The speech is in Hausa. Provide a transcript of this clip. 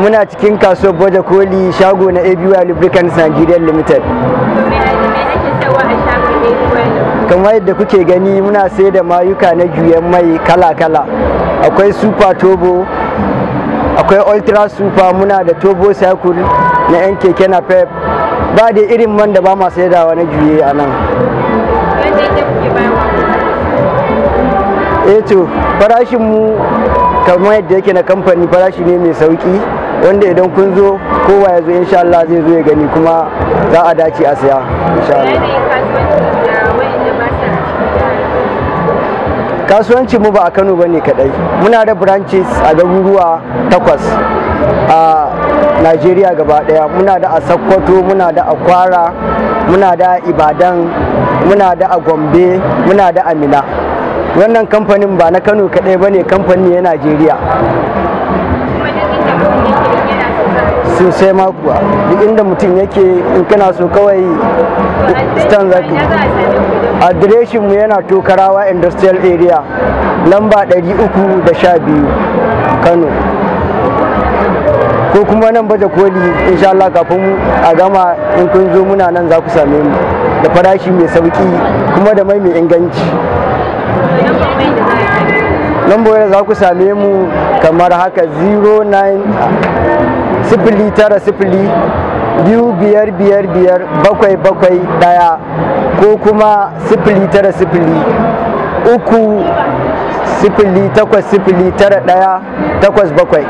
muna cikin kasuwar baje koli shago na ABY Lubricants Nigeria Limited. kamar yadda kuke gani muna sai da mayuka na juyen mai kala-kala akwai super turbo akwai ultra super muna da turbo cycle na yan keke na pep ba da irin man da ba ma saidawa na juye a nan eto eh farashinmu kamar yadda yake na kamfani farashi ne mai sauki wanda idan kun zo kowa ya zo insha Allah zai zo ya gani kuma za a dace a saya insha Allah kasuwanci mu ba a Kano bane kadai muna da branches a garuruwa takwas a Najeriya gaba daya muna da a Sokoto muna da a Kwara muna da Ibadan muna da a Gombe muna da Amina wannan kamfanin ba na Kano kadai bane kamfanin ne Najeriya sosai ma kuwa duk inda mutum yake in kana so kawai stan zaki adireshin mu yana tokarawa industrial area lamba 312 kano ko kuma nan baje koli insha Allah kafin a gama in kun zo muna nan za ku same mu da farashi mai sauki kuma da mai mai inganci lambo za ku same mu kamar haka 09 sifili tara sifili biyu biyar biyar biyar bakwai bakwai ɗaya ko kuma sifili tara sifili uku sifili takwas sifili tara ɗaya takwas bakwai